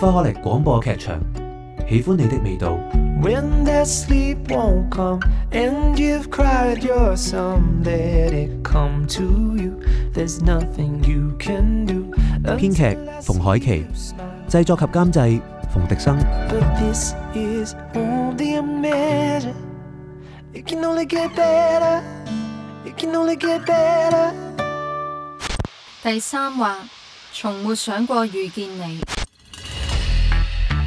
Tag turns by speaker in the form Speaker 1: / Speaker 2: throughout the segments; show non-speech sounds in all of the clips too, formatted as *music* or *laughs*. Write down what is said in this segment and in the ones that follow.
Speaker 1: 花花力廣播劇場，喜歡你的味道。編劇馮海琪，製作及監製馮迪生。But this is can only
Speaker 2: get better can only get better 第三話，從沒想過遇見你。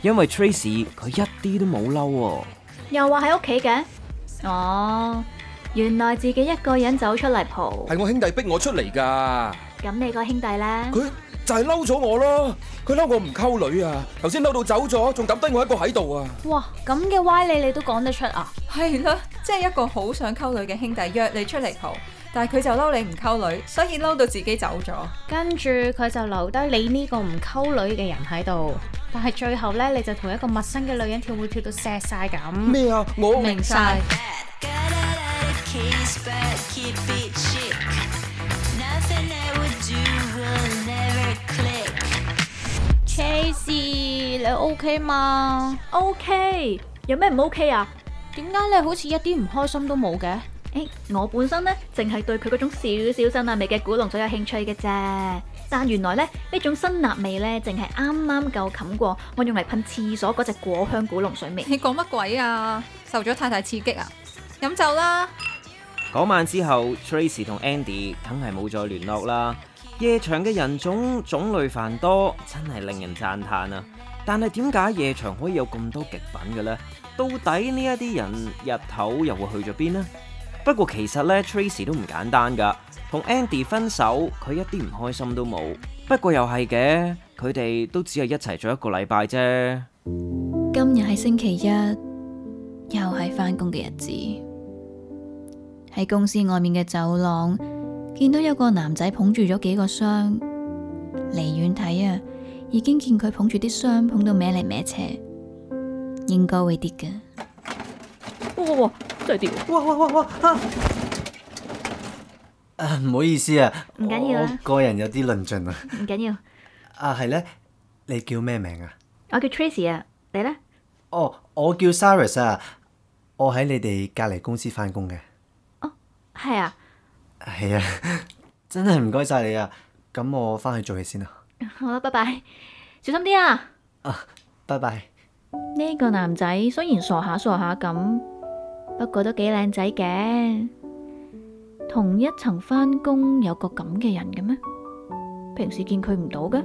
Speaker 3: 因為 Tracy 佢一啲都冇嬲喎，
Speaker 2: 又話喺屋企嘅，哦，原來自己一個人走出嚟蒲，
Speaker 3: 係我兄弟逼我出嚟噶，
Speaker 2: 咁你個兄弟咧？佢
Speaker 3: 就係嬲咗我咯，佢嬲我唔溝女啊，頭先嬲到走咗，仲抌低我一個喺度啊，
Speaker 2: 哇，咁嘅歪理你都講得出啊？係啦，即係一個好想溝女嘅兄弟約你出嚟蒲。但係佢就嬲你唔溝女，所以嬲到自己走咗。跟住佢就留低你呢個唔溝女嘅人喺度。但係最後咧，你就同一個陌生嘅女人跳舞跳到錫晒咁。咩啊？我明晒。Chase，你 OK 嗎？OK，有咩唔 OK 啊？點解你好似一啲唔開心都冇嘅？誒、欸，我本身咧，淨係對佢嗰種少少辛辣味嘅古龍水有興趣嘅啫。但原來咧，呢這種辛辣味咧，淨係啱啱夠冚過我用嚟噴廁所嗰隻果香古龍水味。你講乜鬼啊？受咗太大刺激啊！飲酒啦。
Speaker 3: 嗰晚之後，Tracy 同 Andy 梗係冇再聯絡啦。夜場嘅人種種類繁多，真係令人讚嘆啊！但係點解夜場可以有咁多極品嘅咧？到底呢一啲人日頭又會去咗邊呢？不過其實咧，Tracey 都唔簡單噶同 Andy 分手，佢一啲唔開心都冇。不過又係嘅，佢哋都只係一齊咗一個禮拜啫。
Speaker 2: 今日係星期一，又係返工嘅日子。喺公司外面嘅走廊，見到有個男仔捧住咗幾個箱。離遠睇啊，已經見佢捧住啲箱捧到歪嚟，歪斜，應該會跌嘅。哇哇哇哇哇哇！啊！
Speaker 1: 啊，唔好意思啊，
Speaker 2: 唔緊要啦。
Speaker 1: 個人有啲論盡啊，唔緊要。啊，係咧，你叫咩名啊？
Speaker 2: 我叫 Tracy 啊，你咧？
Speaker 1: 哦，我叫 Saris 啊，我喺你哋隔籬公司翻工嘅。
Speaker 2: 哦，係啊，
Speaker 1: 係啊，真係唔該晒你啊，咁我翻去做嘢先啊。
Speaker 2: 好啦，拜拜，小心啲啊！啊，
Speaker 1: 拜拜。
Speaker 2: 呢個男仔雖然傻下傻下咁。不過都幾靚仔嘅，同一層返工有個咁嘅人嘅咩？平時見佢唔到嘅。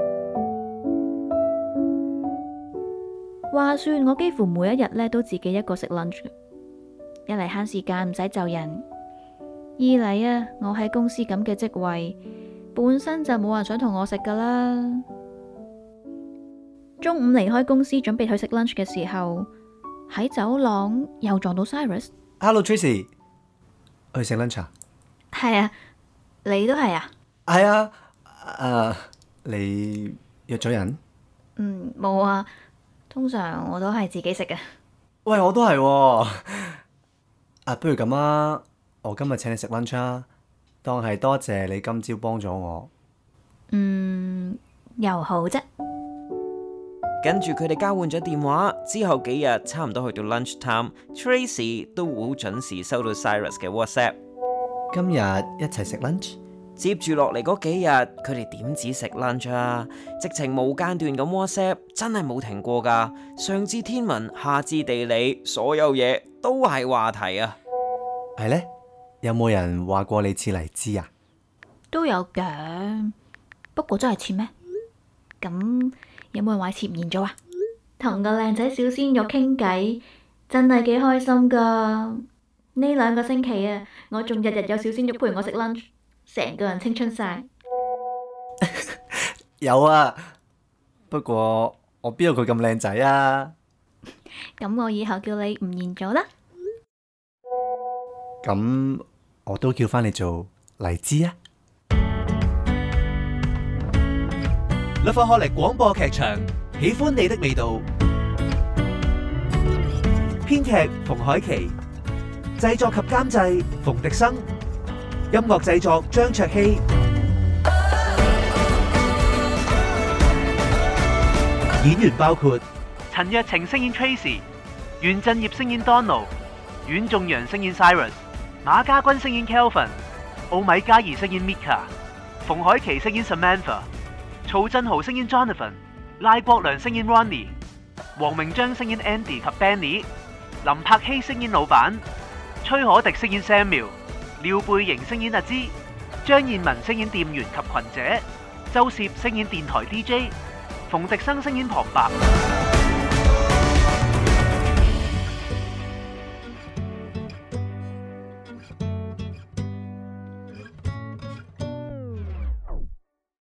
Speaker 2: *music* 話說我幾乎每一日呢都自己一個食 lunch，一嚟慳時間唔使就人，二嚟啊我喺公司咁嘅職位本身就冇人想同我食噶啦。中午離開公司準備去食 lunch 嘅時候。喺走廊又撞到 Cyrus。
Speaker 1: Hello，Tracy，去食 lunch 啊？
Speaker 2: 係啊，你都係啊？
Speaker 1: 係啊，誒、啊，你約咗人？
Speaker 2: 嗯，冇啊，通常我都係自己食嘅。
Speaker 1: 喂，我都係、啊， *laughs* 啊，不如咁啊，我今日請你食 lunch 啊，當係
Speaker 3: 多謝，謝你今朝幫咗我。
Speaker 2: 嗯，又好啫。
Speaker 3: 跟住佢哋交換咗電話，之後幾日差唔多去到 lunch time，Tracy 都會好準時收到 Cyrus 嘅 WhatsApp。今日一齊食 lunch。接住落嚟嗰幾日，佢哋點止食 lunch 啊？直情冇間斷咁 WhatsApp，真係冇停過噶。上至天文，下至地理，所有嘢都係話題
Speaker 1: 啊。係呢？有冇人話過你似荔枝啊？
Speaker 2: 都有嘅，不過真係似咩？咁。有冇人話似吳彥祖啊？同個靚仔小鮮肉傾偈真係幾開心噶！呢兩個星期啊，我仲日日有小鮮肉陪我食 lunch，成個人青春晒。
Speaker 1: *laughs* 有啊，不過我邊有佢咁靚仔啊？
Speaker 2: 咁 *laughs* 我以後叫你吳彥祖啦。
Speaker 1: 咁我都叫翻你做黎姿啊！樂坊活力廣播劇場，喜歡你的味道。編劇馮海琪，製作及監製馮迪生，音樂製作張卓熙。 *music* *music* 演員包括陳若晴飾演 Tracy，袁振業飾演 Donald，阮仲陽飾演 Siren，馬家軍飾演 Kelvin，奧米加爾飾演 Mika，馮海琪飾演 Samantha。曹振豪飾演 Jonathan，賴國良飾演 Ronnie，黃明章飾演 Andy 及 Benny，林柏希飾演老闆，崔可迪飾演 Samuel，廖貝瑩飾演阿芝，張燕文飾演店員及群姐，周攝飾演電台 DJ，馮
Speaker 3: 迪生飾演旁白。